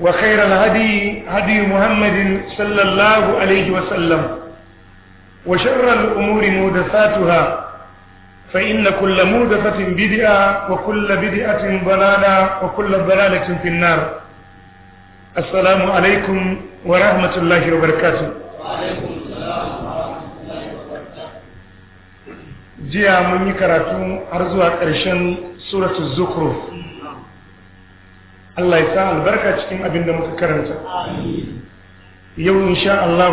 وخير الهدي هدي محمد صلى الله عليه وسلم وشر الأمور مودثاتها فإن كل مودثة بدعة وكل بدعة ضلالة وكل ضلالة في النار السلام عليكم ورحمة الله وبركاته وعليكم السلام ورحمة الله وبركاته جاء من يكراتون أرزوها قرشان سورة الزخرف Allah ya sa albarka cikin abin da muka karanta yau insha Allah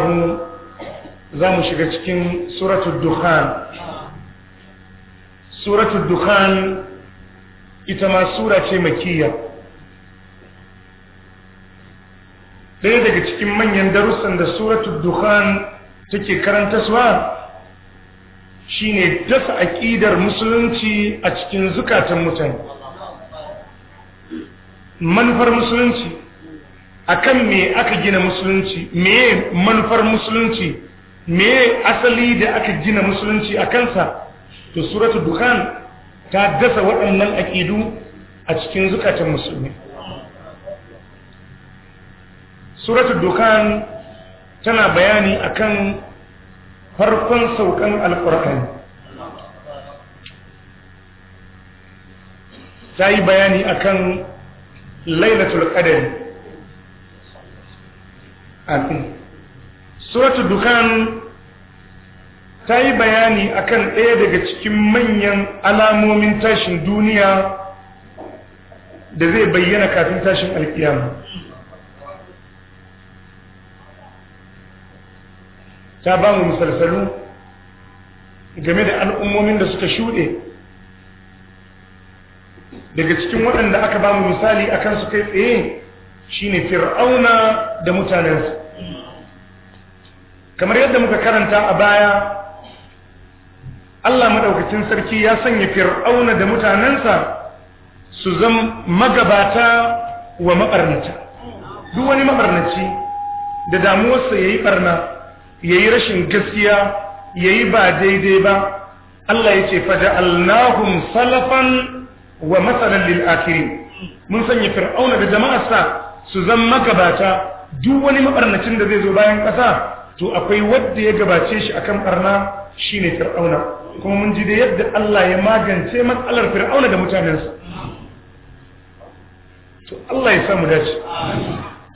za mu shiga cikin suratul dukhan suratul dukhan ita ma sura ce makiyya ɗaya daga cikin manyan darussan da suratul dukhan take karanta suwa shine dasa aƙidar musulunci a cikin zukatan mutane manufar musulunci akan me aka gina musulunci me manufar musulunci me asali da aka gina musulunci a kansa to suratu dukan ta dasa waɗannan aƙidu a cikin zukatan musulmi suratu dukan tana bayani akan farkon saukan alƙur'ani ta yi bayani akan lailatul qadari amin suratul dukhan ta yi bayani akan ɗaya daga cikin manyan alamomin tashin duniya da zai bayyana kafin tashin alkiyama ta ba mu misalsalu game da al'ummomin da suka shuɗe daga cikin waɗanda aka ba mu misali a kansu kai tsaye shine fir'auna da mutanensa kamar yadda muka karanta a baya Allah maɗaukacin sarki ya sanya fir'auna da mutanensa su zama magabata wa maɓarnata duk wani maɓarnaci da damuwarsa ya yi ɓarna ya yi rashin gaskiya ya yi ba daidai ba Allah ya ce faja'alnahum salafan wa matsalar lil'akirin mun sanya fir'auna da jama'arsa su zan magabata duk wani mabarnacin da zai zo bayan ƙasa to akwai wadda ya gabace shi akan barna shine fir'auna kuma mun ji da yadda Allah ya magance matsalar fir'auna da mutanensa to Allah ya samu dace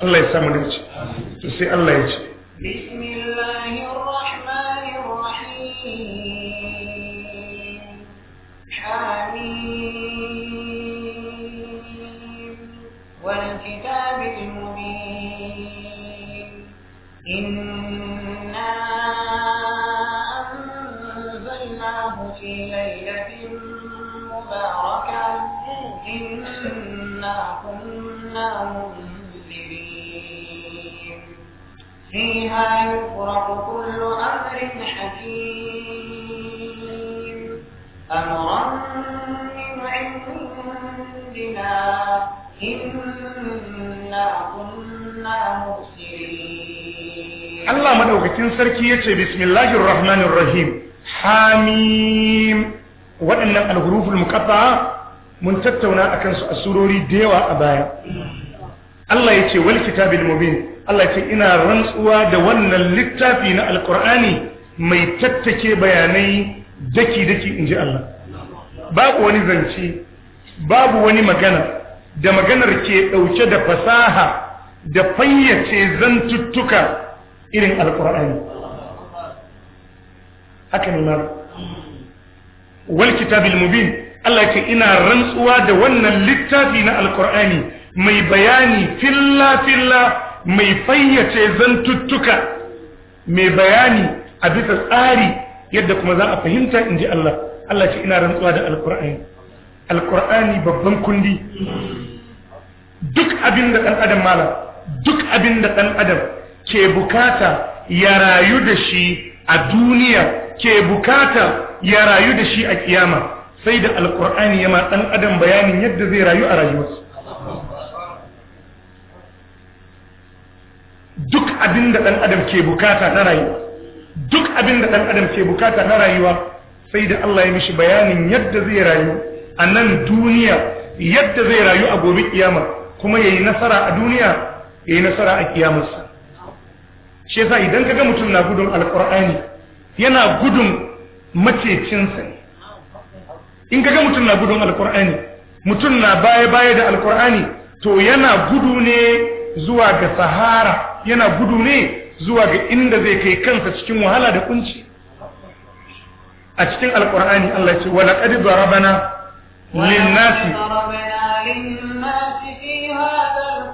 Allah ya samu dace to sai Allah ya ce bismillahir rahmanir rahim الكتاب المبين إنا أنزلناه في ليلة مباركة إنا كنا منذرين فيها يفرق كل أمر حكيم أمرا من عندنا Allah madaukakin sarki yace bismillahir rahmanir rahim hamim waɗannan alhuruful muqatta'a mun tattauna akan su a surori da yawa a baya Allah yace wal kitabil mubin Allah ce ina rantsuwa da wannan littafi na alqur'ani mai tattake bayanai daki daki inji Allah babu wani zance babu wani magana da maganar ke ɗauke da fasaha da fayyace zantuttuka irin alƙur'ani haka ne mara wal kitabil mubin Allah ke ina rantsuwa da wannan littafi na alƙur'ani mai bayani filla-filla mai fayyace zantuttuka mai bayani a bisa tsari yadda kuma za a fahimta in ji Allah Allah ce ina rantsuwa da alƙur'ani alkur'ani babban kundi duk abin da ɗan adam malam duk abin da ɗan adam ke bukata ya rayu da shi a duniya ke bukata ya rayu da shi a kiyama sai da alkur'ani ya ma ɗan adam bayanin yadda zai rayu a rayuwarsa duk abin da ɗan adam ke bukata na rayuwa duk abin da ɗan adam ke bukata na rayuwa sai da Allah ya mishi bayanin yadda zai rayu a nan duniya yadda zai rayu a gobe kiyama kuma yayi nasara a duniya yayi nasara a kiyamarsa shi yasa idan kaga mutum na gudun alqur'ani yana gudun macecinsa in kaga mutum na gudun alqur'ani mutum na baya baya da alqur'ani to yana gudu ne zuwa ga sahara yana gudu ne zuwa ga inda zai kai kansa cikin wahala da kunci a cikin alkur'ani Allah ce wala qad darabana للناس ضربنا للناس في هذا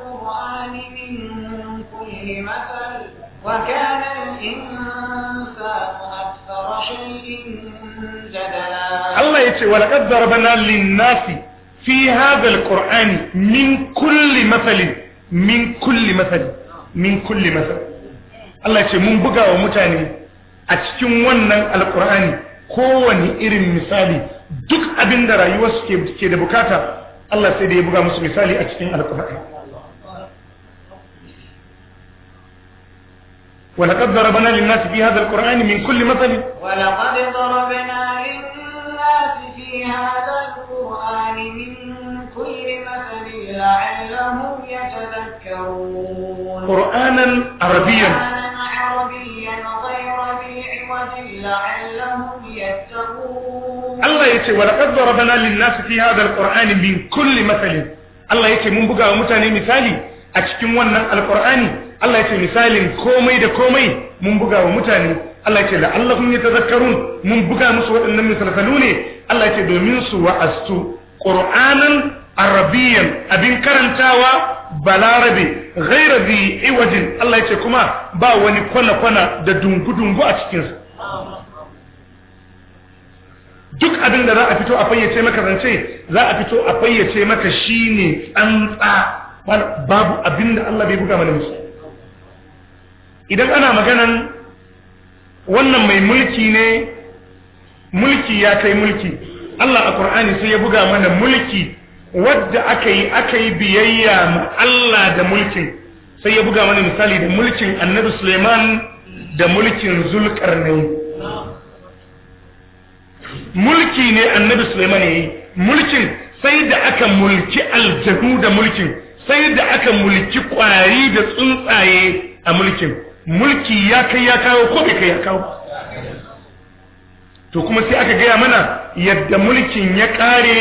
القرآن من كل مثل وكان الإنسان أكثر شيء جدلا الله يتي ولقد ضربنا للناس في هذا القرآن من كل مثل من كل مثل من كل مثل الله يتي من بقى ومتاني أتكون ونن القرآن كون إرم مثالي duk abin da rayuwar su ke da bukata Allah sai da ya buga musu misali a cikin alkur'ani ولقد ضربنا للناس في هذا القرآن من كل مثل ولقد ضربنا للناس في هذا القرآن من كل مثل لعلهم يتذكرون قرآنا عربيا قرآنا عربيا غير ذي عوج لعلهم يتقون Allah ya ce walaƙad darabana linnasi fi hadha alqur'ani min kulli masalin Allah ya ce mun buga wa mutane misali a cikin wannan alqur'ani Allah ya ce misalin komai da komai mun buga wa mutane Allah ya ce la'allahum yatazakkarun mun buga musu waɗannan misalsalu ne Allah ya ce domin su wa'astu qur'anan arabiyan abin karantawa balarabe ghaira bi iwajin Allah ya ce kuma ba wani kwana-kwana da dungu-dungu a cikinsa duk abin da za a fito a fayyace maka zance za a fito a fayyace maka shi shine tsantsa babu abin da Allah bai buga mana musu idan ana maganan wannan mai mulki ne mulki ya kai mulki Allah a Qur'ani sai ya buga mana mulki wadda aka yi aka yi biyayya ma Allah da mulkin sai ya buga mana misali da mulkin Annabi Suleiman da mulkin Zulkarnain mulki ne annabi Sulaiman yayi mulkin sai da aka mulki aljanu da mulkin sai da aka mulki kwari da tsuntsaye a mulkin mulki ya kai ya kawo ko bai kai ya kawo to kuma sai aka gaya mana yadda mulkin ya kare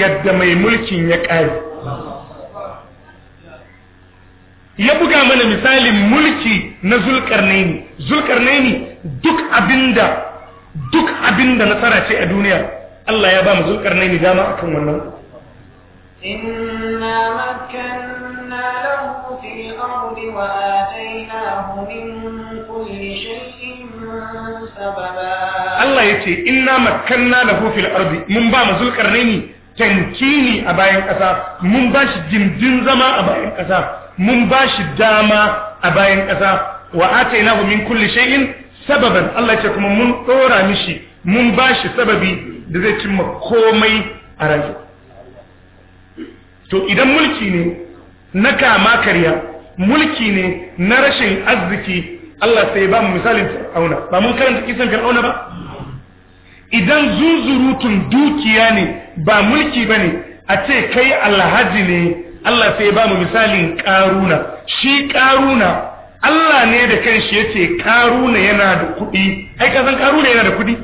yadda mai mulkin ya kare ya buga mana misalin mulki na zulkarnaini zulkarnaini duk abinda duk abin da nasara ce a duniya Allah ya ba mu zulkarnaini dama akan wannan inna makanna lahu fil ardi wa atainahu min kulli shay'in sababa Allah yace inna makanna lahu fil ardi mun ba mu zulkarnaini tankini a bayan ƙasa mun ba shi gindin zama a bayan ƙasa mun ba shi dama a bayan ƙasa wa atainahu min kulli shay'in sababan Allah ce kuma mun dora mishi mun bashi sababi da zai cimma komai a rayuwa to idan mulki ne na kama karya mulki ne na rashin arziki Allah sai ba mu misalin fir'auna ba mun karanta kisan fir'auna ba idan zuzurutun dukiya ne ba mulki bane a ce kai alhaji ne Allah sai ba mu misalin karuna shi karuna Allah ne da kanshi yace karuna yana da kuɗi ai ka san karuna yana da kuɗi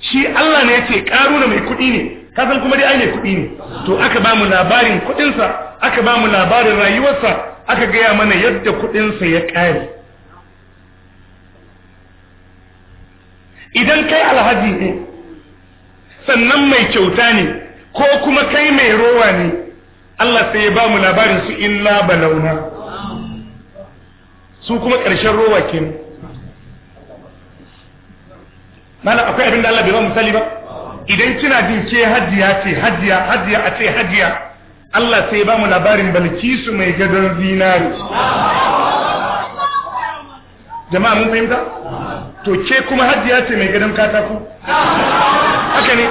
shi Allah ne yace karuna mai kuɗi ne ka san kuma dai ai mai kuɗi ne to aka ba mu labarin kuɗinsa aka ba mu labarin rayuwarsa aka gaya mana yadda kuɗinsa ya ƙare idan kai alhaji ne sannan mai kyauta ne ko kuma kai mai rowa ne Allah sai ya ba mu labarin su illa balauna su kuma ƙarshen rowa kenan mana akwai abin da Allah bai ba misali ba idan kina jin ke hajiya ce hajiya hajiya a ce hajiya Allah sai ba mu labarin balkisu mai gadon zinari jama'a mun fahimta to ke kuma hajiya ce mai gadon katako haka ne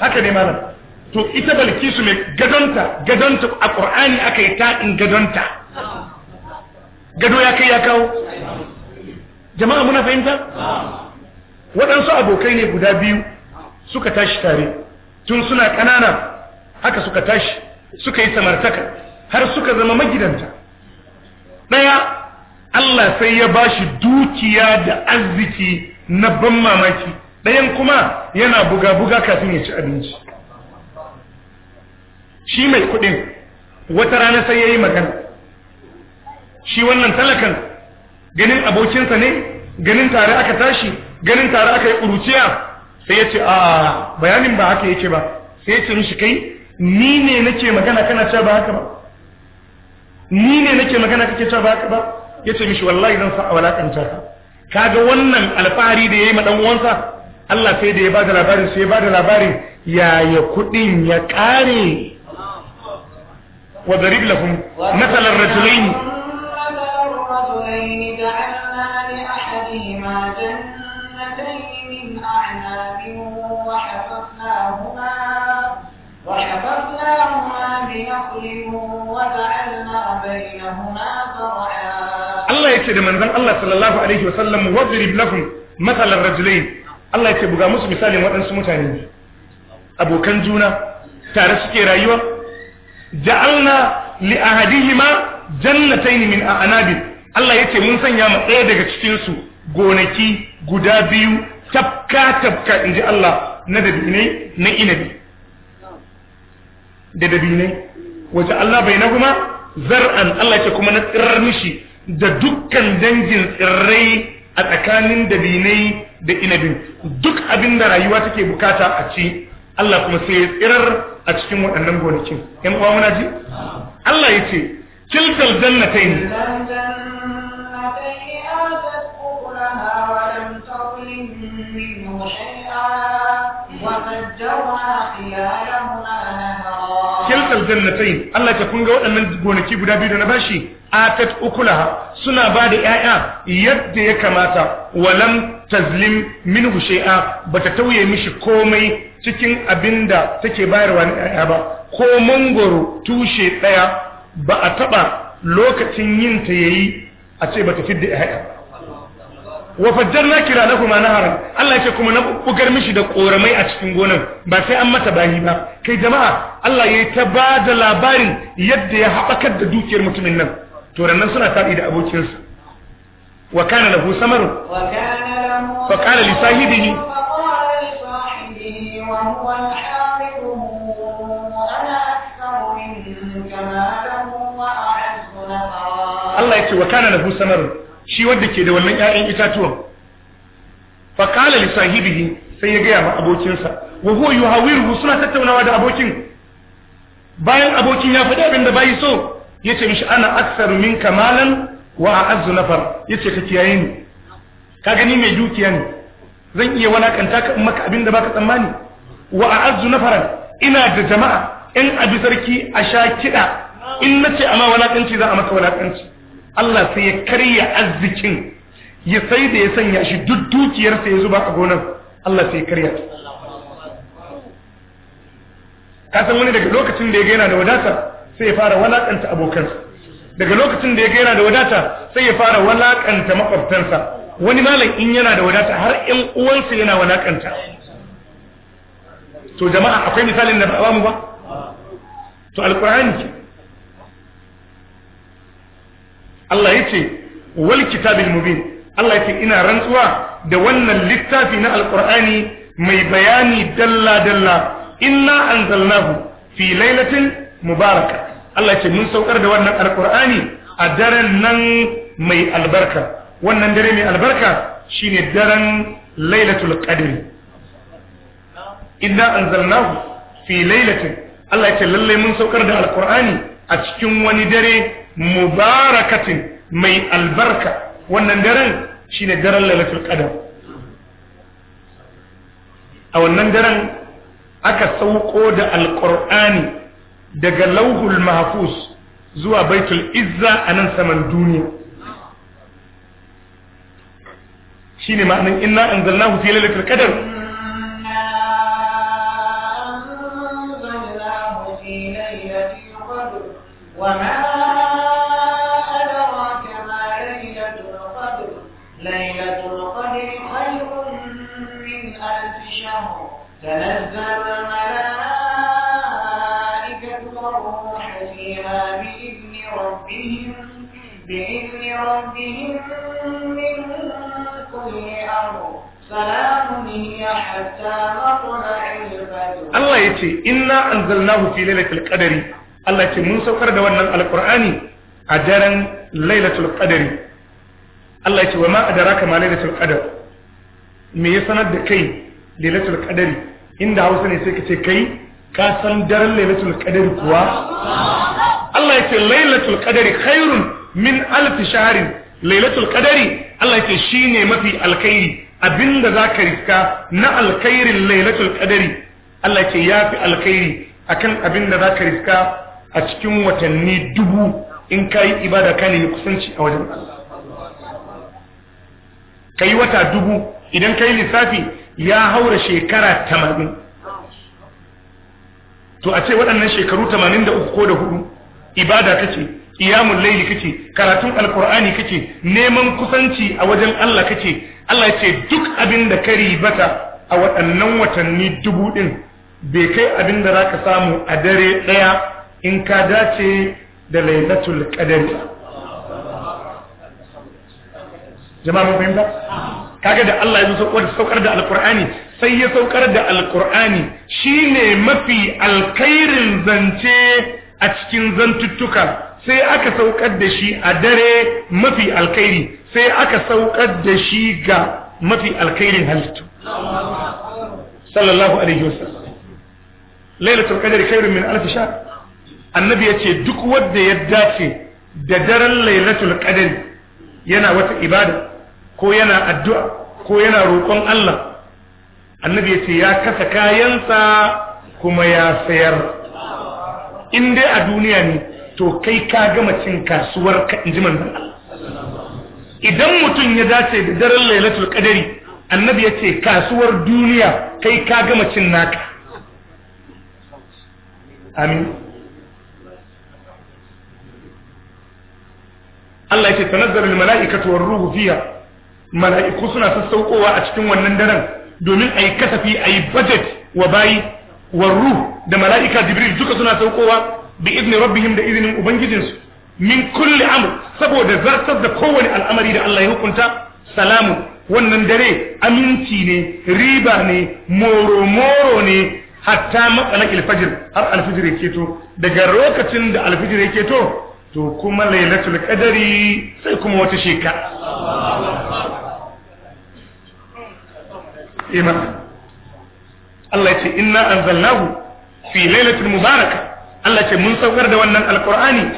haka ne malam to ita balkisu mai gadonta gadonta a ƙur'ani aka yi taɗin gadonta gado ya kai ya kawo jama'a muna fahimta waɗansu abokai ne guda biyu suka tashi tare tun suna ƙanana haka suka tashi suka yi samartaka har suka zama magidanta ɗaya Allah sai ya ba shi dukiya da arziki na ban mamaki ɗayan kuma yana buga-buga kafin ya ci abinci shi mai kuɗin wata rana sai ya yi magana shi wannan talakan ganin abokinsa ne ganin tare aka tashi ganin tare aka yi ƙuruciya sai ya ce a bayanin ba haka yake ba sai ya ce mishi kai ni ne nake magana kana cewa ba haka ba ni ne nake magana kake cewa ba haka ba ya ce mishi wallahi zan sa a walakanta ka kaga wannan alfahari da ya yi maɗan uwansa Allah sai da ya ba da labarin sai ya ba da labarin yaya kuɗin ya ƙare وضرب لهم مثل الرجلين الرجلين جعلنا لأحدهما جنتين من أعناب وحففناهما وحففناهما بنخل Allah ya ce da manzan Allah sallallahu Alaihi wasallam wadrib lahum matsalar rajulai Allah ya ce buga musu misalin waɗansu mutane abokan juna tare suke rayuwa ja'alna li ahadihima jannatayn min anabi. Allah yace mun sanya ma ɗaya daga cikin su gonaki guda biyu tafka tafka inji Allah na dabinai na inabi da dabinai wace Allah kuma zar'an Allah yace kuma na tsirar mishi da dukkan dangin tsirrai a tsakanin dabinai da inabi. duk abin da rayuwa take bukata a ci Allah kuma sai ya tsirar a cikin waɗannan gonakin yan uwa muna ji Allah ya jannatai ne. Kiltar jannatai ne, Allah ta kunga waɗannan gonaki guda biyu da na bashi atat ukulaha suna ba da 'ya'ya yadda ya kamata walam tazlim minhu shay'a bata tauye mishi komai cikin abinda take bayarwa na yaya ba ko mangoro tushe ɗaya ba a taɓa lokacin yin ta yayi a ce bata fidda yaya wa fajjarna na haram Allah yake kuma na bugar mishi da koramai a cikin gonan ba sai an mata bani ba kai jama'a Allah yayi ta bada labarin yadda ya habakar da dukiyar mutumin nan to ranan suna tadi da abokinsa وكان له ثمر فقال لصاحبه وهو الحارث أنا أكثر منك مالا وأعز نفرا الله يكي وكان له ثمر shi wanda ke da wannan ƴaƴan itatuwan fa qala li sai ya gaya ma abokinsa wa huwa yuhawiruhu suna tattaunawa da abokin bayan abokin ya faɗi abin da bai so yace mishi ana aktsaru minka malan wa a'azzu nafar yace ka kiyaye ni ka gani mai dukiya ne zan iya walakanta ka in maka abin da baka tsammani wa a'azzu nafaran ina da jama'a in abi sarki a sha kida in nace amma walakanci za a maka walakanci Allah sai ya karya arzikin ya sai da ya sanya shi duk dukiyarsa ya zuba a gonar Allah sai ya karya ka san wani daga lokacin da ya gaina da wadatar sai ya fara walakanta abokansa daga lokacin da ya ga yana da wadata sai ya fara walakanta makwabtansa wani malam in yana da wadata har ƴan uwansa yana walakanta to jama'a akwai misalin da ba mu ba to alqur'ani Allah yace wal kitabil mubin Allah ce ina rantsuwa da wannan littafi na alkur'ani mai bayani dalla dalla inna anzalnahu fi lailatin mubaraka. Allah ce mun saukar da wannan alkur'ani a daren nan mai albarka wannan dare mai albarka shine daren lailatul qadri inna anzalnahu fi lailatin Allah ce lalle mun saukar da alkur'ani a cikin wani dare mubarakatin mai albarka wannan daren shine daren lailatul qadr a wannan daren aka sauko da alkur'ani daga lauhul mahfuz zuwa baitul izza a nan saman duniya shine ma'anin inna anzalnahu fi lailatul qadr وما أدراك تنزل Allah ya ce, Inna an zalnahu hufi lailatul qadari Allah ya ce, Mun saukar da wannan Alƙur'ani a daren lailatul qadari Allah ya ce, Wa ma a dara kama lailatul qadar, me ya sanar da kai lailatul qadari inda hausa ne sai ka ce kai, ka san daren lailatul qadari kuwa? Allah ya ce, Lailatul qadari khairun min alfi shaharin, lailatul qadari Allah ya ce, shi ne mafi alkhairi Abin abinda ka riska na alkhairin lailatul qadari Allah ce fi alkhairi akan abinda ka riska a cikin watanni dubu in kai ibada ka nemi kusanci a wajen Allah kai wata dubu idan kai lissafi ya haura shekara 80 to a ce waɗannan shekaru 83 ko da hudu ibada kace qiyamul ka kace karatun alqur'ani kace neman kusanci a wajen Allah kace Allah ce duk abin da ka ribata a waɗannan watanni dubu ɗin bai kai abin da za ka samu a dare ɗaya in ka dace da lailatul qadari jama'a mun fahimta kaga da Allah ya zo saukar da alqur'ani sai ya saukar da alqur'ani shine mafi alkhairin zance a cikin zantuttuka sai aka saukar da shi a dare mafi alkhairi sai aka saukar da shi ga mafi alkhairin halittu sallallahu alaihi wasallam lailatul qadr khairun min alf shahr annabi yace duk wanda ya dace da daren lailatul qadr yana wata ibada ko yana addu'a ko yana roƙon Allah annabi yace ya kasa kayansa kuma ya sayar in dai a duniya ne to kai ka gama cin kasuwar ka inji manzon Allah idan mutum ya dace da daren lailatul qadari annabi yace kasuwar duniya kai ka gama cin naka amin Allah yake tanazzalu mala'ikatu war ruhu fiha mala'iku suna sassaukowa a cikin wannan daren domin ayi kasafi ayi budget wa bayi war ruhu da mala'ika jibril duka suna saukowa bi izni rabbihim da izinin ubangijinsu min kulli amr saboda zartar da kowane al'amari da Allah ya hukunta salamun wannan dare aminci ne riba ne moro moro ne hatta matsala alfajir har alfajir ya to, daga lokacin da alfajir ya keto to kuma lailatul qadari sai kuma wata sheka ima Allah ya ce inna anzalnahu fi lailatul mubaraka Allah ya ce mun saukar da wannan alqur'ani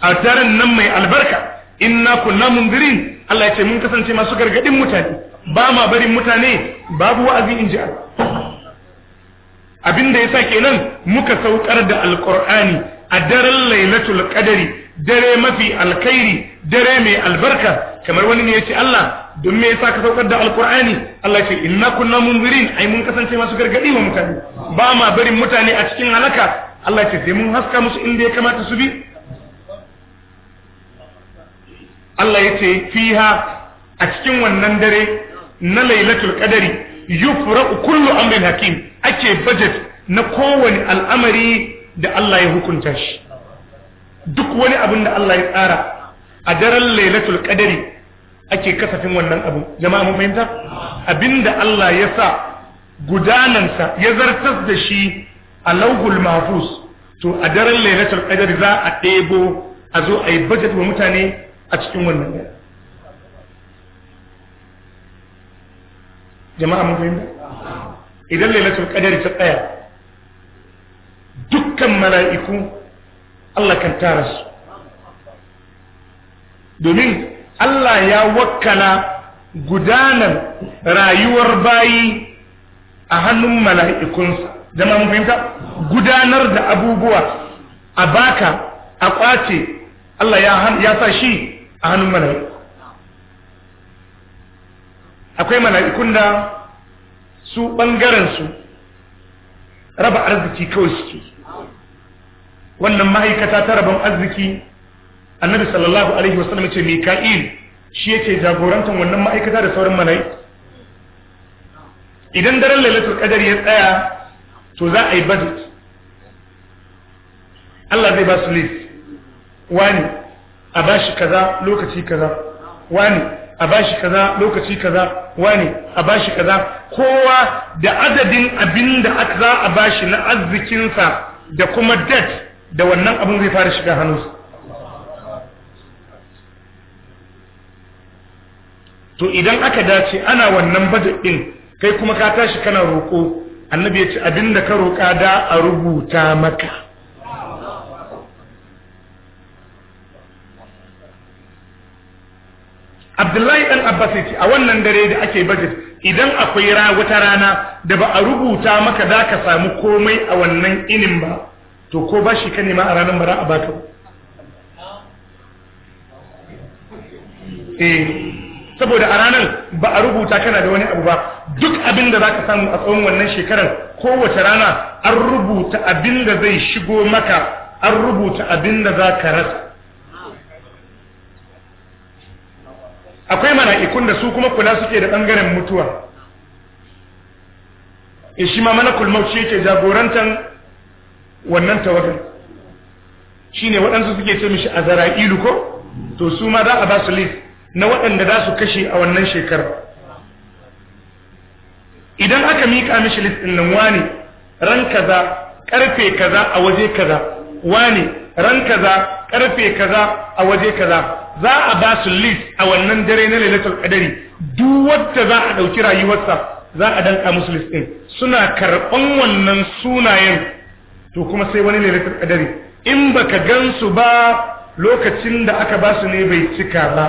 a daren nan mai albarka inna kunna munzirin Allah ya ce mun kasance masu gargadin mutane ba ma barin mutane babu wa'azi in ji abin da yasa kenan muka saukar da alqur'ani a daren lailatul qadari dare mafi alkhairi dare mai albarka kamar wani ne yace Allah don me yasa ka saukar da alqur'ani Allah ce inna kunna munzirin ai mun kasance masu gargadi wa mutane ba ma barin mutane a cikin halaka Allah ce sai mun haska musu inda ya kamata su bi Allah ya ce fiha a cikin wannan dare na lailatul qadari yufra'u kullu amrin hakim ake budget na kowane al'amari da Allah ya hukunta shi duk wani abin da Allah ya tsara a daren lailatul qadari ake kasafin wannan abu jama'a mun fahimta abinda Allah ya sa gudanansa ya zartas da shi a lauhul mahfuz to a daren lailatul qadari za a ɗebo a zo a yi budget wa mutane a cikin wannan ɗaya jama'a mun fahimta idan lailatul qadari ta tsaya dukkan mala'iku Allah kan tara su domin Allah ya wakana gudanar rayuwar bayi a hannun mala'ikunsa jama'a mun fahimta gudanar da abubuwa a baka a kwace Allah ya sa shi a hannun mala'iku akwai mala'ikun da su ɓangarensu raba arziki kawai suke wannan ma'aikata ta rabon arziki annabi sallallahu alaihi wasallam ce mika'il shi yake jagorantar wannan ma'aikata da sauran mala'iku idan daren lailatul qadar ya tsaya to za a yi budget Allah zai ba su list wani a bashi kaza lokaci kaza wani a bashi kaza lokaci kaza wani a bashi kaza kowa da adadin abin da aka za a bashi na arzikinsa da kuma debt da wannan abin zai fara shiga hannunsa to idan aka dace ana wannan bada ɗin kai kuma ka tashi kana roko annabi ya ce abinda ka roƙa da a rubuta maka Abdullahi ɗan Abbas ce a wannan dare da ake budget idan akwai wata rana da ba a rubuta maka zaka samu komai a wannan inin ba to ko ba shi kani ma a ranar bara a baka eh saboda a ranar ba a rubuta kana da wani abu ba duk abinda da zaka samu a tsawon wannan shekarar kowace rana an rubuta abinda zai shigo maka an rubuta abinda da zaka rasa akwai mala'ikun da su kuma kula suke da bangaren mutuwa e, shi ma malakul mauci yake jagorantan wannan tawagar shine waɗansu suke ce mishi azara'ilu ko to su ma za a ba su lis na waɗanda za su kashe a wannan shekarar idan aka mika mishi lis ɗin nan wane ran kaza ƙarfe kaza a waje kaza wane ran kaza karfe kaza a waje kaza za a ba su list a wannan dare na lailatul qadari duk wanda za a dauki rayuwarsa za a danka musu list din suna karban wannan sunayen to kuma sai wani lailatul qadari in baka gansu ba lokacin da aka ba su ne bai cika ba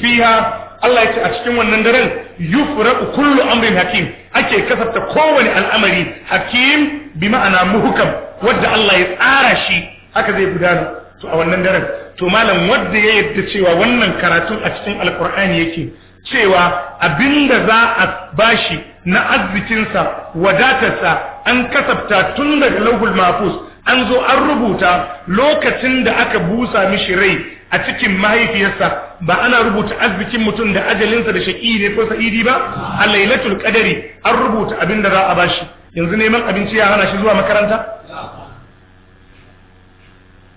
fiha Allah ya ce a cikin wannan daren yufraqu kullu amrin hakim ake kasafta kowane al'amari hakim bi ma'ana muhkam wanda Allah ya tsara shi haka zai gudana to a wannan daren to malam wanda ya yadda cewa wannan karatun a cikin alqur'ani yake cewa abinda za a bashi na arzikinsa wadatarsa an kasafta tun daga lauhul mafus an zo an rubuta lokacin da aka busa mishi rai a cikin mahaifiyarsa ba ana rubuta arzikin mutum da ajalinsa da shaƙi ne ko sa'idi ba a lailatul kadari an rubuta abin da za a ba shi. yanzu neman abinci ya hana shi zuwa makaranta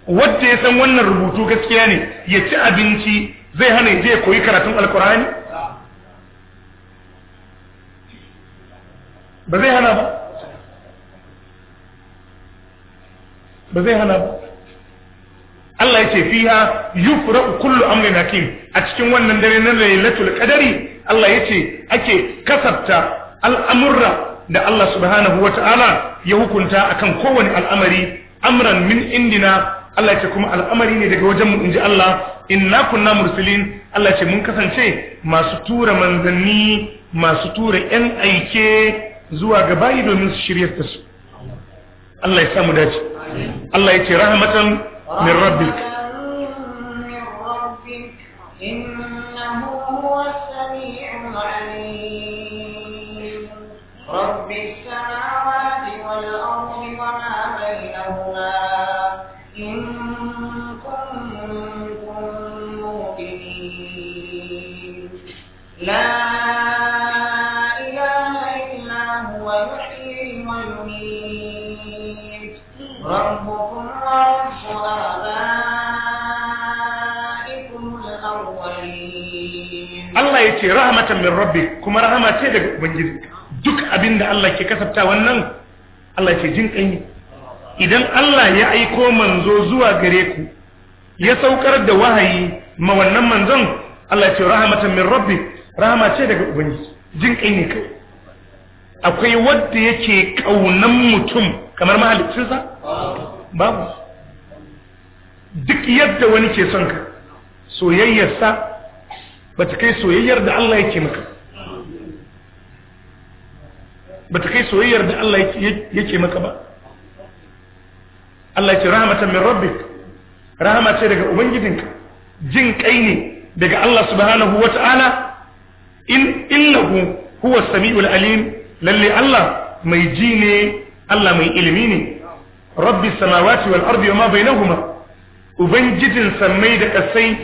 Wadda ya san wannan rubutu gaskiya ne ya ci abinci zai hana ya je ya koyi karatun alkur'ani ba zai hana ba ba zai hana ba Allah ya ce fiha yufra'u kullu amrin hakim a cikin wannan dare na lailatul qadari Allah ya ce ake kasafta al'amurra da Allah subhanahu wata'ala ya hukunta akan kowane al'amari amran min indina Allah ya ce kuma al'amari ne daga wajen mu inji Allah inna kunna mursalin Allah ya ce mun kasance masu tura manzanni masu tura yan aike zuwa ga bayi domin su shirye su Allah ya samu dace Allah ya ce rahmatan min rabbik innahu huwas wal ardi wa ma bainahuma ربكم ورب آبائكم الأولين الله يتي رحمة من ربك كما رحمة تيدك بنجد duk abin da Allah ke kasafta wannan Allah ce jin ƙanyi idan Allah ya aiko manzo zuwa gare ku ya saukar da wahayi ma wannan manzon Allah ce rahmatan min rabbi rahama ce daga ubangiji jin ne kai akwai wanda yake kaunan mutum kamar mahaliccinsa babu duk yadda wani ke son ka soyayyarsa ba ta kai soyayyar da Allah yake maka ba ta kai soyayyar da Allah yake maka ba Allah ce rahmatan min rabbik rahama ce daga ubangijinka jin kai ne daga Allah subhanahu wata'ala in illahu huwa samiul alim lalle Allah mai ji ne Allah mai ilimi ne rabbi samawati wal ardi wama bainahuma ubangijin sammai da kasai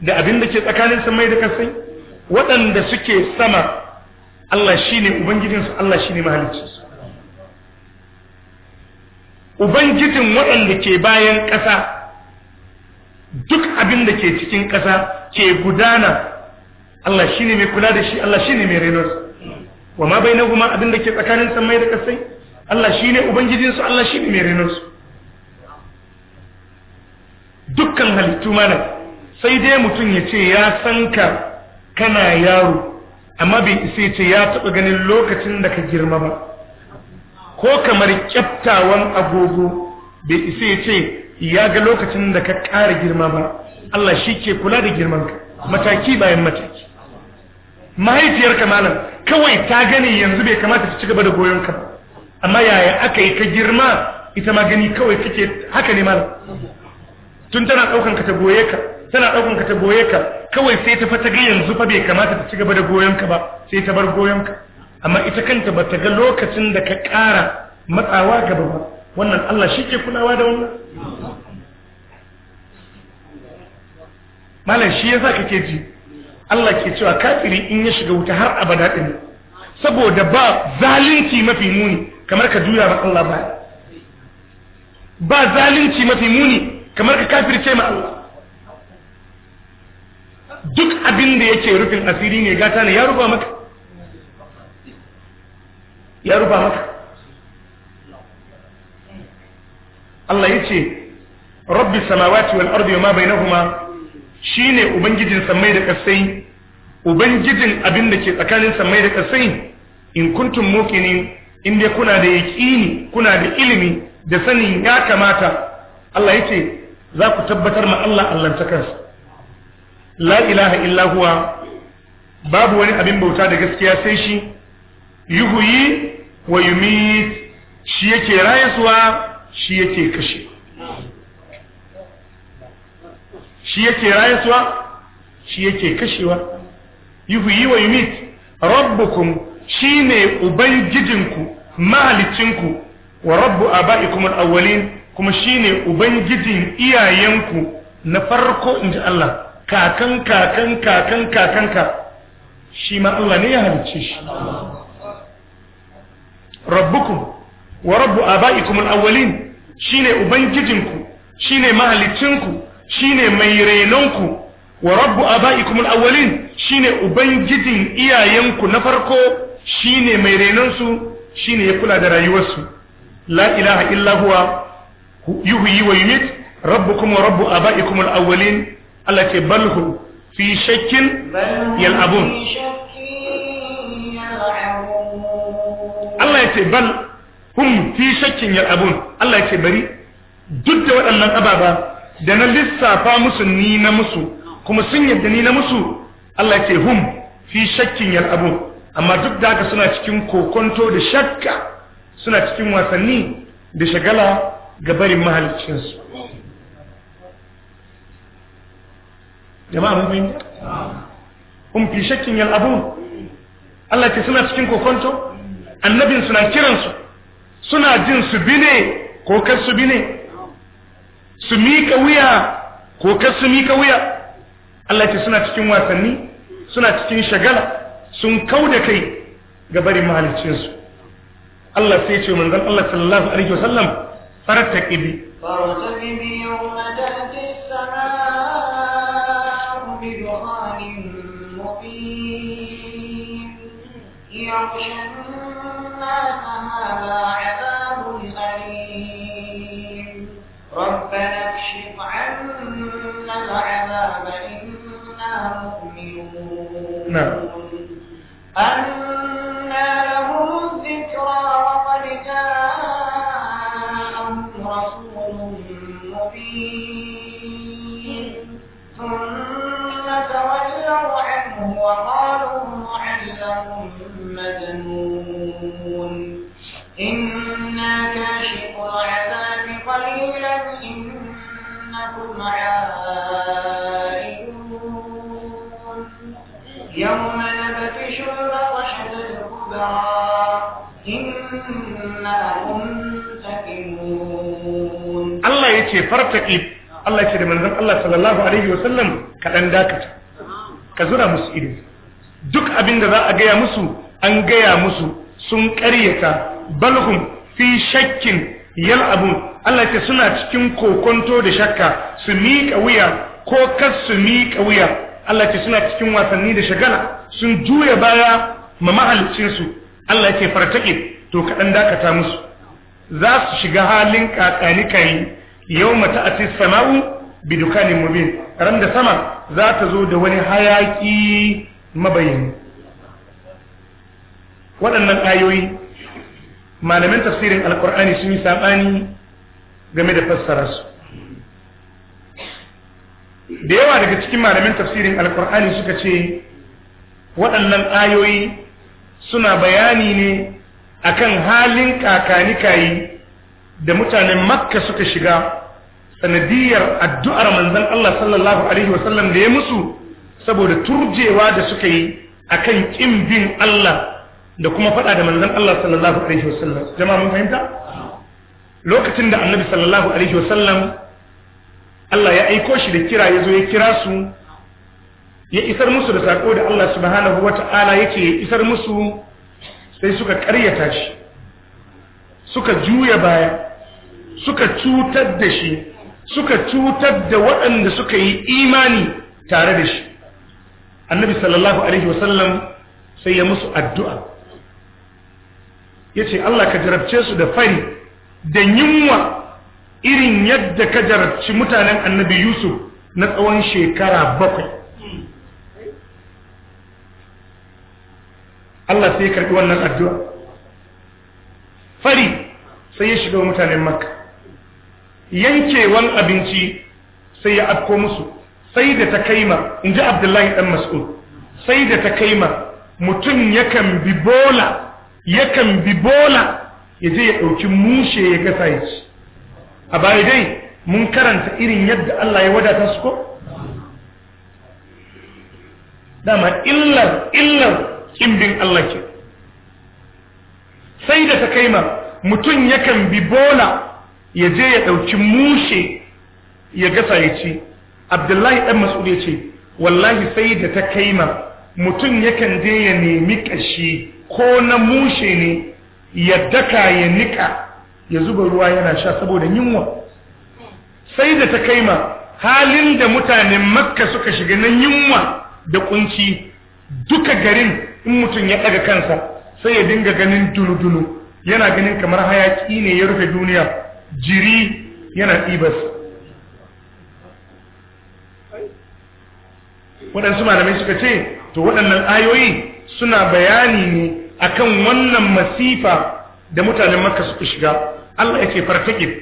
da abin da ke tsakanin sammai da kasai waɗanda suke sama Allah shine ubangijin su Allah shine mahalicci. su ubangijin waɗanda ke bayan ƙasa duk abin da ke cikin ƙasa ke gudana Allah shine mai kula da shi Allah shine mai rainon wa ma bainahuma abin da ke tsakanin sammai da kasai Allah shi ne ubangijinsu Allah shi ne mai renonsu dukkan halittu mana sai dai mutum ya ce ya san ka kana yaro amma bai isa ce ya taɓa ganin lokacin da ka girma ba ko kamar kyaftawan agogo bai isa ya ce ya ga lokacin da ka ƙara girma ba Allah shi ke kula da girmanka mataki bayan mataki mahaifiyarka malam kawai ta gani yanzu bai kamata ta ci gaba da ka ba amma yaya aka yi ta girma ita ma gani kawai kake haka ne malam tun tana daukan ka ta goye ka tana daukan ka ta goye ka kawai sai ta fata ga yanzu fa bai kamata ta ci gaba da goyon ka ba sai ta bar goyon ka amma ita kanta ba ta ga lokacin da ka ƙara matsawa gaba ba wannan Allah shi ke kulawa da wannan malam shi yasa kake ji Allah ke cewa kafiri in ya shiga wuta har abada din saboda ba zalunci mafi muni kamar ka juya ma Allah ba ba zalunci mafi muni kamar ka kafirce ma Allah duk abin da yake rufin asiri ne gata ne ya rufa maka ya rufa maka Allah ya ce rabbi samawati wal ardi wama bainahuma shine ubangijin samai da kasai ubangijin abin da ke tsakanin samai da kasai in kuntum muqinin in dai kuna da yaqini kuna da ilimi da sanin ya kamata Allah yace za ku tabbatar ma Allah Allah ta kansa la ilaha illa huwa babu wani abin bauta da gaskiya sai shi yuhyi wa yumit shi yake rayuwa shi yake kashe shi yake rayuwa shi yake kashewa yuhyi wa yumit rabbukum Shi ne ubangijinku mahalicinku wa rabbu ba'i kuma awwalin kuma shi ne ubangijin iyayenku na farko ji Allah kakan kakan kakan kakan ka. shi ma Allah ne ya halicce shi rabbukum wa rabbu abaikum al-awwalin ne ubangijinku ne mahalicinku ne mai renonku wa rabbu abaikum al-awwalin ne ubangijin iyayenku na farko Shi ne mai renonsu ne ya kula da rayuwarsu la ilaha illa huwa yuhyi wa yumit rabbukum wa rabbu abaikum al-awwalin Allah ce bal balhu fi shakkin yal'abun Allah ya ce bal hum fi shakkin yal'abun Allah ya ce bari duk da waɗannan ababa da na lissafa musu ni na musu kuma sun yadda ni na musu Allah ya ce hum fi shakkin yal'abun amma duk da haka suna cikin kokonto da shakka suna cikin wasanni da shagala ga barin mahalicinsu jama'a mun fahimta hum fi shakkin abu. Allah ce suna cikin kokonto annabin suna kiransu suna jin su bine ko kar su bine su mika wuya ko kar su mika wuya Allah ce suna cikin wasanni suna cikin shagala sun kauda kai ga barin mahaliccinsu Allah sai ce manzon Allah sallallahu alaihi wasallam fartaqi bi fartaqi bi yawma ta'ti as أنا لهم الذكرى وقد جاءهم رسول مبين ثم تولوا عنه وقالوا معلم مجنون إنا كاشف العذاب قليلا إنكم عاد Allah ya ce fartaƙi Allah ya ce da manzan Allah sallallahu Alaihi wasallam kaɗan dakata, ka zura musu ido. Duk abin da za a gaya musu an gaya musu sun ƙaryata balhum fi shakkin yal'abun Allah ce suna cikin kokonto da shakka su miƙa wuya ko kas su miƙa wuya Allah ce suna cikin wasanni da shagala sun juya baya ma mahalicin su Allah yake fartake to kadan dakata musu za su shiga halin kakani kai yawma ta'ati samau bi dukanin mubin ran da sama za ta zo da wani hayaki mabayin. waɗannan ayoyi malamin tafsirin alkur'ani sun yi saɓani game da fassara su da yawa daga cikin malamin tafsirin alkur'ani suka ce waɗannan ayoyi suna bayani ne akan halin kakani kakanikayi da mutanen makka suka shiga sanadiyar addu'ar manzon Allah sallallahu alaihi wasallam da ya musu saboda turjewa da suka yi akan kin bin Allah da kuma fada da manzon Allah sallallahu alaihi wasallam jama'a mun fahimta lokacin da annabi sallallahu alaihi wasallam Allah ya aiko shi da kira yazo ya kira su ya isar musu da sako da Allah subhanahu wata'ala yace ya isar musu sai suka karyata shi suka juya baya suka cutar da shi suka cutar da waɗanda suka yi imani tare da shi annabi sallallahu alaihi wasallam sai ya musu addu'a yace Allah ka jarabce su da fari da yunwa irin yadda ka jarabci mutanen annabi Yusuf na tsawon shekara bakwai Allah sai ya karbi wannan addu'a fari sai ya shiga mutanen makka yankewan abinci sai ya afko musu sai da ta kaima in ji abdullahi ɗan mas'ud sai da ta kaima mutum yakan bi bola yakan bi bola ya je ya ɗauki mushe ya gasa ya ci a baya dai mun karanta irin yadda Allah ya wadata su ko dama illar illar kin bin Allah ke sai da ta kaima mutum yakan bi bola ya je ya ɗauki mushe ya gasa ya ci abdullahi ɗan masu ya ce wallahi sai da ta kaima mutum yakan je ya nemi ƙashi ko na mushe ne ya daka ya nika ya zuba ruwa yana sha saboda yunwa sai da ta kaima halin da mutanen makka suka shiga na yinwa da kunci duka garin in mutum ya ɗaga kansa sai ya dinga ganin duludulu yana ganin kamar hayaƙi ne ya rufe duniya jiri yana ɗibas waɗansu malamai suka ce to waɗannan ayoyi suna bayani ne akan wannan masifa da mutanen makka suka shiga Allah ya ce fartaƙin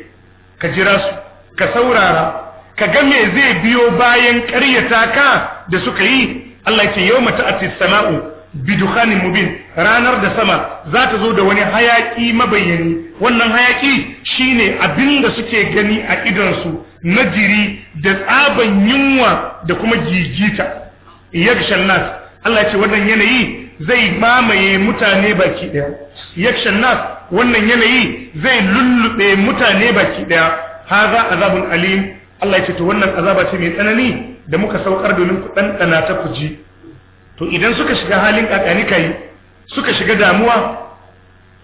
ka jira su ka saurara ka ga me zai biyo bayan ƙaryata ka da suka yi Allah ya ce yau mata a sama'u bidukhanin mubin ranar da sama za ta zo da wani hayaki mabayyani wannan hayaki shine abinda suke gani a idansu na jiri da tsaban yunwa da kuma gigita yakshan nas Allah ce wannan yanayi zai mamaye mutane baki daya yakshan nas wannan yanayi zai lullube mutane baki daya haza azabun alim Allah ya ce to wannan azaba ce mai tsanani da muka saukar domin ku ɗanɗana ta ku ji to idan suka shiga halin kakani kai suka shiga damuwa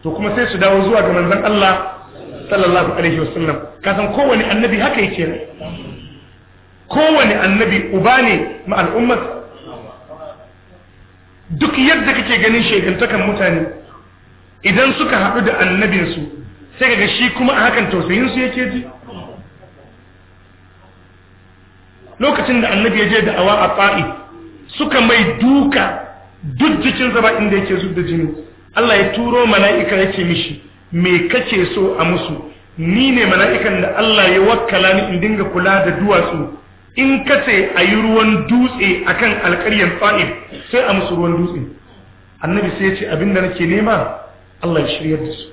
to kuma sai su dawo zuwa ga manzon Allah sallallahu alaihi wasallam kasan kowane annabi haka yake ne kowani annabi uba ne ma al'ummar duk yadda kake ganin shegantakan mutane idan suka haɗu da annabinsu sai kaga shi kuma a hakan su yake ji lokacin da annabi ya je da awa a fa'i suka mai duka duk jikin zaba inda yake zub da jini Allah ya turo mala'ika yake mishi me kake so a musu ni ne mala'ikan da Allah ya wakkala ni in dinga kula da duwatsu in kace ayi ruwan dutse akan alƙaryan fa'id sai a musu ruwan dutse annabi sai ya ce abinda nake nema Allah ya shirya da su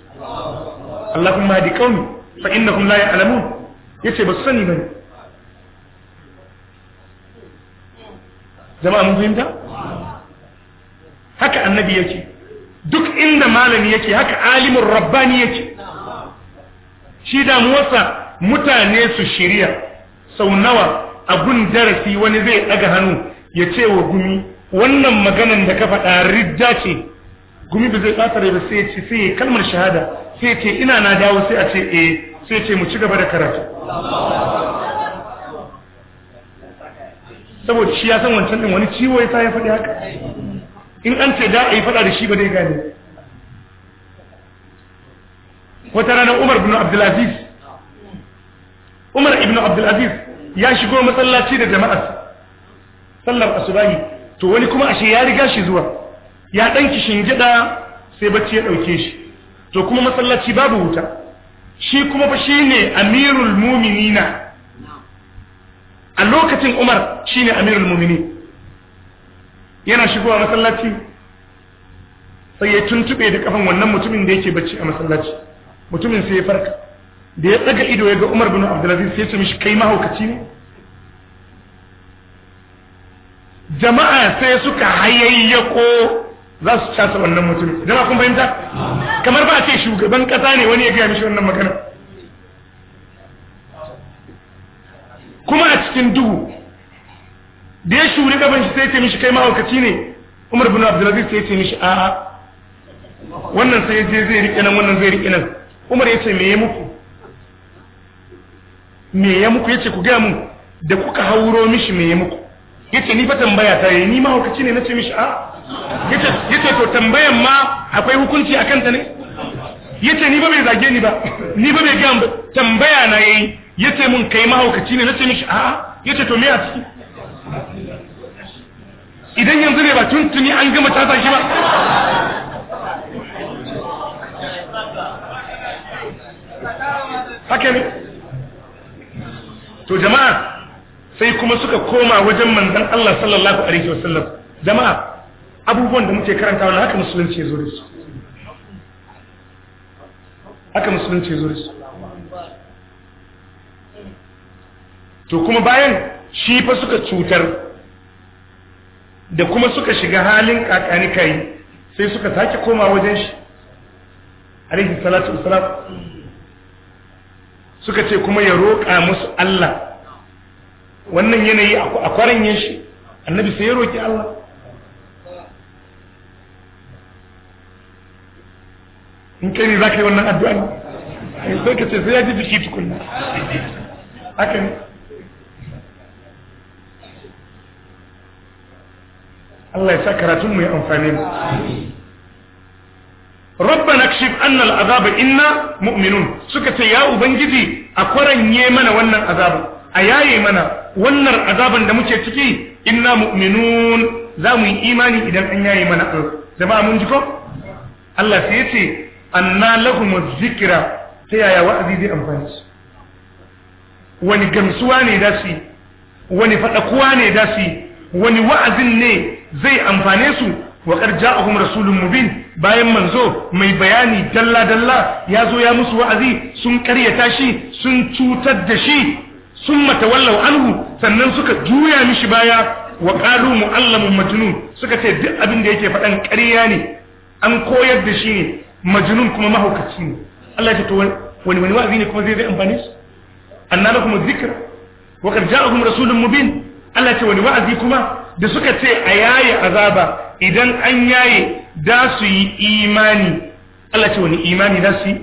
Allahumma di qaumi fa innahum la ya'lamun yace ba su sani bane jama'a mun fahimta haka annabi yake duk inda malami yake haka alimin rabbani yake shi da damuwarsa mutane su shirya sau nawa abun darasi wani zai daga hannu ya ce wa gumi wannan maganan da ka faɗa ridda ce gumi ba zai ɓata ba sai ce sai kalmar shahada sai ce ina na dawo sai a ce eh sai ce mu ci gaba da karatu saboda shi ya san wancan din wani ciwo ya sa ya faɗi haka in an ce da a yi faɗa da shi ba dai gane wata ranar umar ibn abdulaziz umar ibn abdulaziz ya shigo masallaci da jama'ar sallar asubahi to wani kuma ashe ya riga shi zuwa ya ɗanki kishin sai bacci ya ɗauke shi to kuma masallaci babu wuta shi kuma fa ne amirul mu'minina a lokacin umar shine amirul mumini yana shigowa masallaci sai ya tuntube da kafan wannan mutumin da yake bacci a masallaci mutumin sai ya farka da ya tsaga ido ya ga umar bin abdulaziz sai ya ce mishi kai mahaukaci ne jama'a sai suka hayayyako za su casa wannan mutumin jama'a kun fahimta kamar ba a ce shugaban kasa ne wani ya gaya mishi wannan magana kuma a cikin duhu da ya shuri gaban shi sai ce mishi kai mahaukaci ne umar bin abdulaziz sai ce mishi a'a wannan sai je zai rike nan wannan zai rike nan umar ya ce me ya muku me ya muku ya ce ku gaya mun da kuka hauro mishi me ya muku ya ce ni fa tambaya ta yi ni mahaukaci ne ce mishi a'a Ya ce to tambayan ma akwai hukunci akan ta ne Ya ce ni ba bai zage ni ba ni ba bai gaya tambaya na yayi yace mun kai mahaukaci ne nace mishi a yace to me a ciki idan yanzu ne ba tuntuni an gama tasa shi ba haka ne to jama'a sai kuma suka koma wajen manzon Allah sallallahu alaihi wasallam jama'a abubuwan da muke karanta wannan haka musulunci ya zo da su haka musulunci ya zo da su to kuma bayan shi fa suka cutar da kuma suka shiga halin kakani kai sai suka sake koma wajen shi alaihi salatu wassalam suka ce kuma ya roƙa musu Allah wannan yanayi a kwarin yin shi annabi sai ya roƙi Allah in kai ne za ka yi wannan addu'a ne sai ka ce sai ya ji jiki tukunna haka ne Allah ya sa karatun mu amfani amfane mu rabbana kashif annal azaba inna mu'minun suka ce ya ubangiji a kwaranye mana wannan azaba a yaye mana wannan azaban da muke ciki inna mu'minun za mu yi imani idan an yaye mana al jama'a mun ji ko Allah sai ya ce anna lahum zikira ta yaya wa'azi zai amfani su wani gamsuwa ne da su wani faɗakuwa ne da su wani wa'azin ne zai amfane su wa a ja'ahum rasulun mubin bayan manzo mai bayani dalla dalla ya zo ya musu wa'azi sun karyata shi sun cutar da shi sun matawallau anhu sannan suka juya mishi baya wa qalu mu'allamun majnun suka ce duk abin da yake faɗan ƙarya ne an koyar da shi ne majinun kuma mahaukaci ne Allah ya ce to wani wani wa'azi ne kuma zai zai amfane su annaba kuma zikr wa a ja'ahum rasulun mubin Allah ya ce wani wa'azi kuma da suka ce a yaye azaba idan an yaye da su yi imani Allah ce wani imani da su yi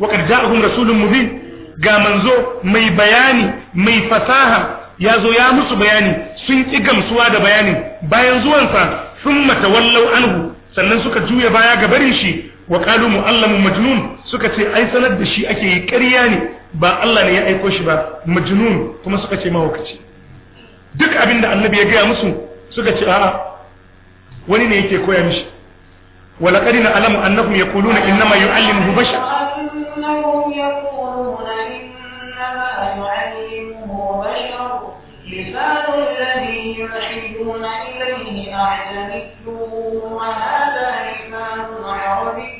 waƙar ja'ahun rasulun mubin ga manzo mai bayani mai fasaha ya zo ya musu bayani sun ki gamsuwa da bayani bayan zuwansa sun mata wallau anhu sannan suka juya baya ga barin shi wa ƙalu mu'allamu majnun suka ce ai sanar da shi ake yi ƙarya ne ba Allah ne ya aiko shi ba majnun kuma suka ce mahaukaci duk abin da annabi ya gaya musu suka ce a'a wani ne yake koya mishi wala qad na alamu annahum yaquluna innama yu'allimuhu bashar annahum yaquluna innama yu'allimuhu bashar lisanu alladhi yuhiduna ilayhi a'jamiyyun wa hadha lisanun arabiyyun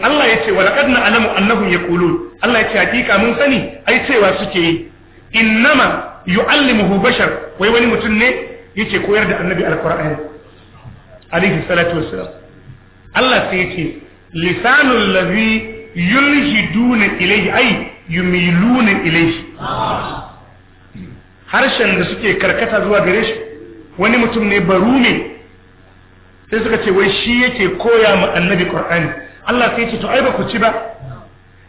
Allah ya ce, Walaƙad na alamu annahun ya ƙulun, Allah ya ce, Hakika mun sani, ai cewa suke yi, innama yu'allimuhu bashar wai wani mutum ne yake koyar da annabi alqur'ani alaihi salatu wassalam Allah sai yace lisanul ladhi yulhiduna ilayhi ay yumiluna ilayhi harshen da suke karkata zuwa gare shi wani mutum ne barume sai suka ce wai shi yake koya ma annabi qur'ani Allah sai yace to ai ba ku ci ba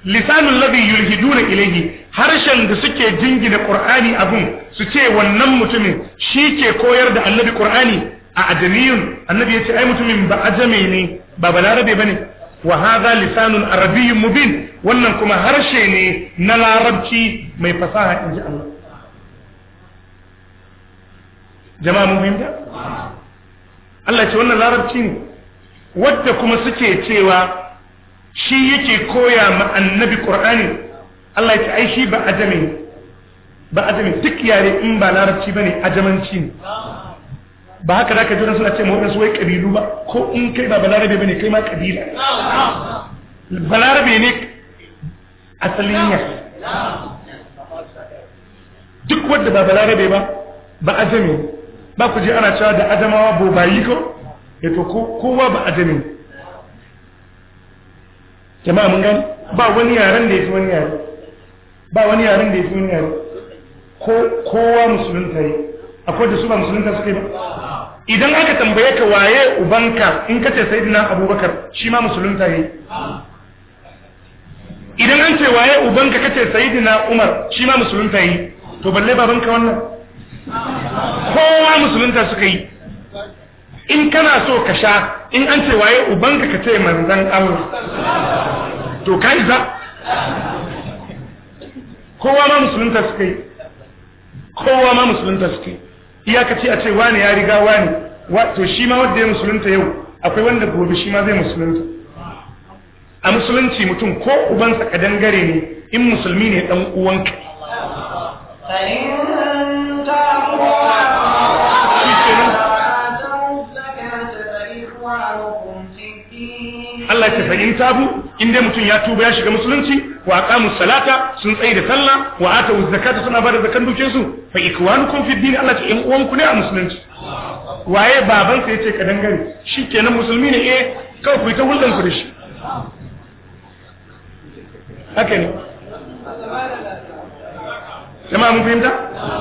lisanul ladhi yulhiduna ilayhi harshen da suke jingina qur'ani abun su ce wannan mutumin shi ke koyar da annabi qur'ani a adamiyun annabi yace ai mutumin ba ajame ne ba balarabe bane wa hadha lisanun arabiyyun mubin wannan kuma harshe ne na larabci mai fasaha inji Allah jama'a mun fahimta Allah ce wannan larabci ne wadda kuma suke cewa shi yake koya ma annabi qur'ani Allah ya ce ai shi ba ajami ba ajami duk yare in ba larabci ne ajamanci ne ba haka zaka ji suna ce mu wai ƙabilu ba ko in kai ba balarabe ne kai ma kabila balarabe ne asalin asalinya duk wadda ba balarabe ba ba ajami ba ku je ana cewa da adamawa bobayi ko ya eh, to kowa ba ajami jama'a mun gani ba wani yaren da ya fi wani yare ba wani yaren da ya fi wani yare kowa musulunta yi akwai da su ba musulunta suka yi ba idan aka tambaye ka waye ubanka in ka ce sayidina abubakar shi ma musulunta yi idan an ce waye ubanka ka ce sayidina umar shi ma musulunta yi to balle babanka wannan kowa musulunta suka yi in kana so ka sha in an ce waye ubanka ka ce manzan Allah to kai za kowa ma musulunta suka yi kowa ma musulunta suka yi iyakaci a ce wani ya riga wani to shi ma wanda ya musulunta yau akwai wanda gobe shi ma zai musulunta a musulunci mutum ko ubansa ka dangare ne in musulmi ne dan uwanka Allah ya tafi in tabu in dai mutum ya tuba ya shiga musulunci wa aqamu salata sun tsaye da sallah wa atu zakata suna bada zakan dukin su fa ikwanukum fi din Allah ce in uwan ku ne a musulunci waye baban sa yace ka dangare shikenan musulmi ne eh kawai ku ta hulɗan ku da shi haka ne jama'a mun fahimta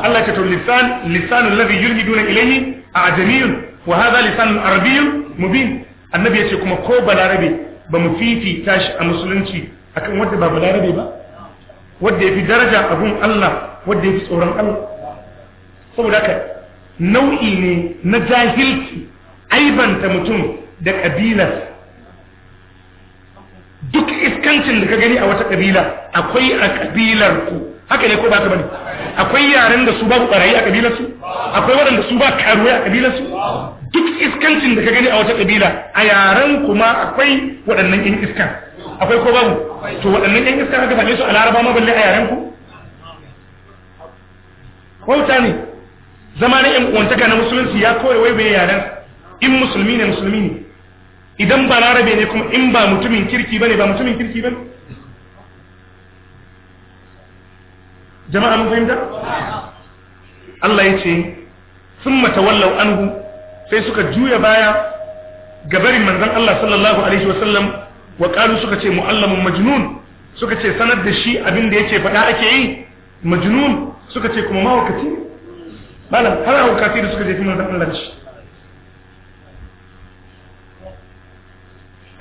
Allah ya ce lisan lisanul ladhi yulhiduna ilayhi a'jamiyun wa hadha lisanun arabiyyun mubin annabi ya ce kuma ko balarabe ba mu fifita shi a musulunci akan wanda ba balarabe ba wanda ya fi daraja abun Allah wanda ya fi tsoron Allah saboda haka nau'i ne na jahilci aibanta mutum da ƙabilar duk iskancin da ka gani a wata ƙabila akwai a ƙabilar ku haka ne ko ba ka bane akwai yaren da su babu barayi a ƙabilar su akwai waɗanda su ba karuwa a ƙabilar su duk iskancin da ka gani a wata kabila a yaren kuma akwai waɗannan yan iska. akwai ko babu to waɗannan yan iska haka same su a laraba ma balle a yaren ku wauta ne zama na yan uwantaka na musulunci ya kore wai bai yaren in musulmi ne musulmi ne idan ba larabe ne kuma in ba mutumin kirki bane ba mutumin kirki ne jama'a mun fahimta Allah ya ce sun matawallau anhu sai suka juya baya ga barin manzon Allah sallallahu alaihi wasallam wa qalu suka ce muallamun majnun suka ce sanar da shi abin da yake faɗa ake yi majnun suka ce kuma mawakaci malam har wakati da suka je kuma da Allah shi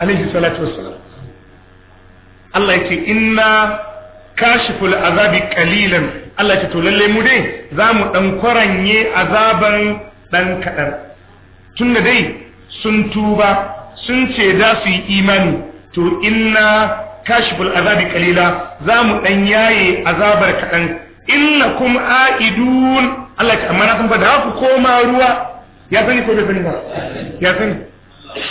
alaihi salatu wassalam Allah yake inna kashiful azabi qalilan Allah ce to lalle mu dai zamu dan kwaranye azaban dan kadan tun da dai sun tuba sun ce za su yi imani to inna kashful azabi kalila za mu ɗan yaye azabar kaɗan innakum a'idun Allah ya amma na san fada ku koma ruwa ya sani ko bai sani ba ya sani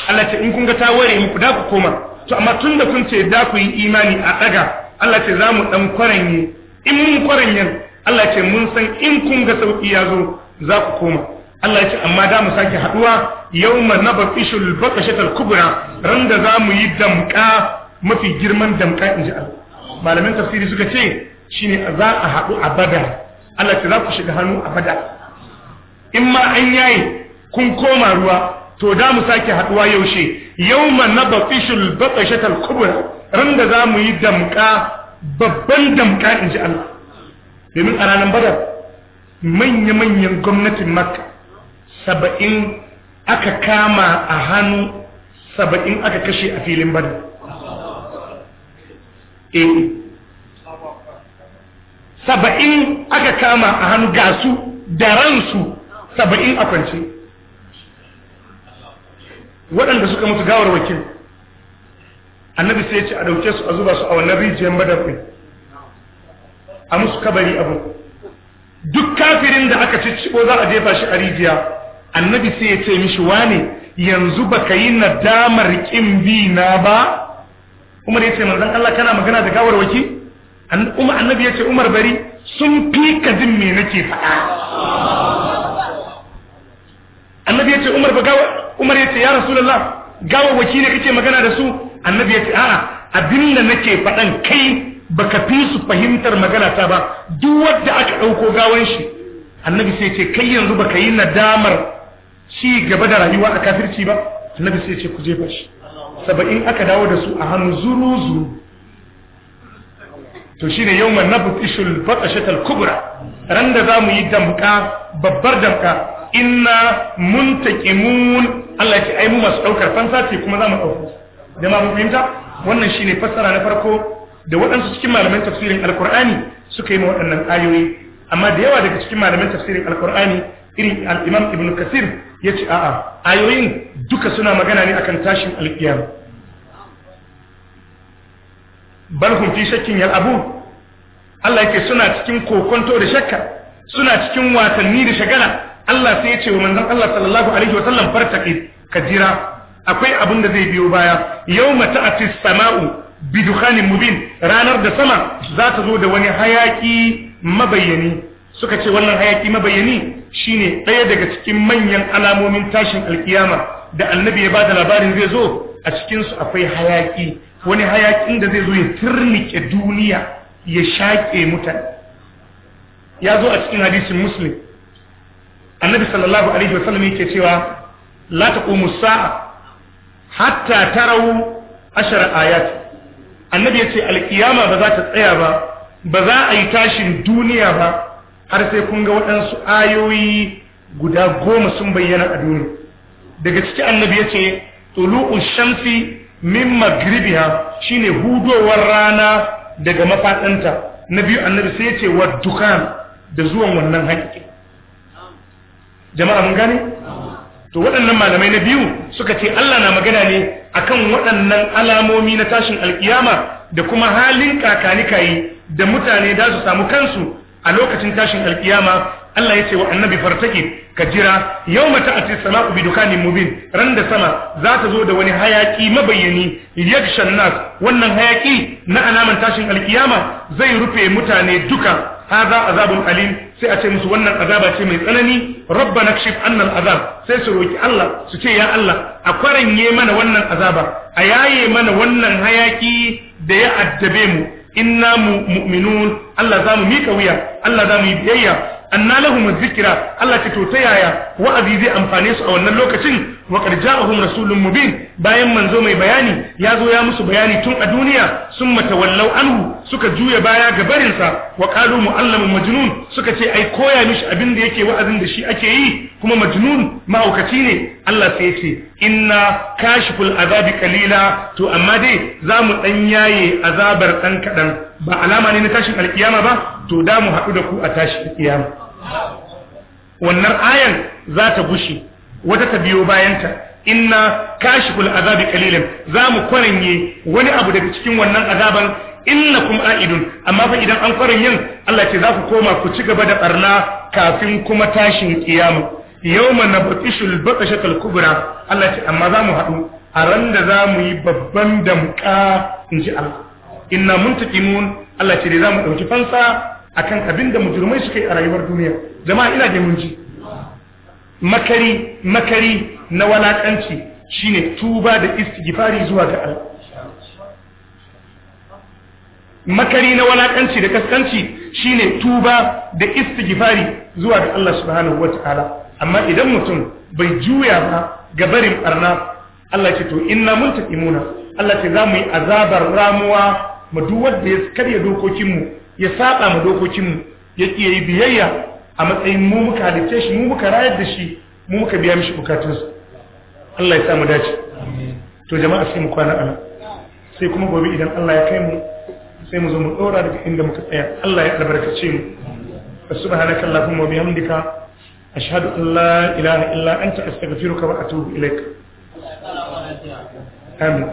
Allah ce in kun ga ta ware muku da ku koma to amma tun da kun ce da ku yi imani a ɗaga Allah ce za mu ɗan kwaranye in mun kwaranyen Allah ce mun san in kun ga sauƙi ya zo za ku koma Allah ya ce amma da mu sake haduwa yawma nabtishul baqashatul kubra ran da za mu yi damka mafi girman damka inji Allah malamin tafsiri suka ce shine za a hadu a bada Allah ya ce za ku shiga hannu a bada in ma an yayi kun koma ruwa to da mu sake haduwa yaushe yawma nabtishul baqashatul kubra ran da za mu yi damka babban damka inji Allah domin a ranar badar manya-manyan gwamnatin makka saba'in aka kama a hannu saba'in aka kashe a filin bada e eh. saba'in aka kama a hannu gasu da ransu saba'in a kwance waɗanda suka mutu gawar wakil annabi sai ce a ɗauke su a zuba su a wannan rijiyar badar ɗin a musu kabari abu duk kafirin da aka ci cibo za a jefa shi a rijiya annabi sai ya ce mishi wane yanzu baka yi nadamar kin bi na ba Umar ya ce manzan Allah kana magana da waki Umar annabi ya ce Umar bari sun fi ka jin me nake faɗa annabi ya ce Umar ba gawa Umar ya ce ya rasu Gawar waki ne kake magana da su annabi ya ce a'a abin da nake faɗan kai baka fi su fahimtar magana ta ba duk wadda aka ɗauko gawan shi annabi sai ce kai yanzu baka yi nadamar ci gaba da rayuwa a kafirci ba annabi sai ce ku jefa shi saba'in aka dawo da su a hannu To shi ne yau yawma nabtishul batashatal kubra ran da zamu yi damka babbar damka inna mun. Allah ya ce ai masu ɗaukar fansa ce kuma zamu dauko da ma mu fahimta wannan shine fassara na farko da waɗansu cikin malaman tafsirin alkur'ani suka yi waɗannan ayoyi amma da yawa daga cikin malaman tafsirin alkur'ani irin al'imam ibn kasir ya ce a'a ayoyin duka suna magana ne akan tashin alkiyama balhun fi shakkin yal'abu Allah yake suna cikin kokonto da shakka suna cikin watanni da shagala Allah sai ya ce wa manzon Allah sallallahu alaihi wa sallam Ka jira akwai abin da zai biyo baya yawma ta'ati samau bi dukhanin mubin ranar da sama za ta zo da wani hayaki mabayyani suka ce wannan hayaki mabayyani shine ɗaya daga cikin manyan alamomin tashin alkiyama da annabi ya bada labarin zai zo a cikinsu akwai hayaki wani hayakin da zai zo ya tirnike duniya ya shaƙe mutane ya zo a cikin hadisin muslim annabi sallallahu alaihi wasallam yake cewa la taqumu sa'a hatta tarau ashara ayat annabi yace alkiyama ba za ta tsaya ba ba za a yi tashin duniya ba har sai kun ga waɗansu ayoyi guda goma sun bayyana a duniya daga ciki annabi ya ce tulu'u shamsi min magribiha shine hudowar rana daga mafaɗanta na biyu annabi sai ya ce wa dukan da zuwan wannan haƙƙi jama'a mun gane to waɗannan malamai na biyu suka ce Allah na magana ne akan waɗannan alamomi na tashin alkiyama da kuma halin kakanikayi da mutane da su samu kansu a lokacin tashin alkiyama Allah ya ce wa annabi fartaki ka jira yau mata a ku bi dukanin mubin ran da sama za ta zo da wani hayaki mabayyani yakshan nas wannan hayaki na alaman tashin alkiyama zai rufe mutane duka haza azabun alim sai a ce musu wannan azaba ce mai tsanani rabbana kshif anna azab sai su roki Allah su ce ya Allah a kwaranye mana wannan azaba a yaye mana wannan hayaki da ya addabe mu inna mu'minun Allah zamu mika wuya Allah zamu yi biyayya anna lahum dhikra Allah ce to ta yaya wa'azi zai amfane su a wannan lokacin wa qad ja'ahum rasulun mubin bayan manzo mai bayani ya zo ya musu bayani tun a duniya sun matawallau anhu suka juya baya ga barin sa wa qalu mu'allamun majnun suka ce ai koya mishi abin da yake wa'azin da shi ake yi kuma majnun mahaukaci ne Allah sai ce inna kashiful azabi qalila to amma dai zamu dan yaye azabar dan kadan ba alama ne na tashin alkiyama ba to da mu haɗu da ku a tashi kiyama wannan ayan za ta gushe wata ta biyo bayanta inna kashiful azabi qalilan za mu kwaranye wani abu daga cikin wannan azaban innakum aidun amma fa idan an kwaranyen Allah ce za ku koma ku ci gaba da barna kafin kuma tashin kiyama yawma nabtishul batashatul kubra Allah ce amma za mu haɗu a ran da za mu yi babban damka in ji Allah inna muntaqimun Allah ce za mu ɗauki fansa akan abin da mujrimai suka yi a rayuwar duniya jama'a ina da munji makari makari na walakanci shine tuba da istighfari zuwa ga Allah makari na walakanci da kaskanci shine tuba da istighfari zuwa ga Allah subhanahu wataala amma idan mutum bai juya ba ga barin barna Allah ce to inna muntakimuna Allah ce za mu yi azabar ramuwa mu duk wanda ya karya dokokinmu ya saba ma dokokinmu ya ƙi yayi biyayya a matsayin mu muka halitta shi mu muka rayar da shi mu muka biya mishi bukatunsa Allah ya samu dace to jama'a sai mu kwana ana sai kuma gobe idan Allah ya kai mu sai mu zo mu dora daga inda muka tsaya Allah ya albarkace mu subhanaka allahumma wa bihamdika ashhadu an la ilaha illa anta astaghfiruka wa atubu ilaik amin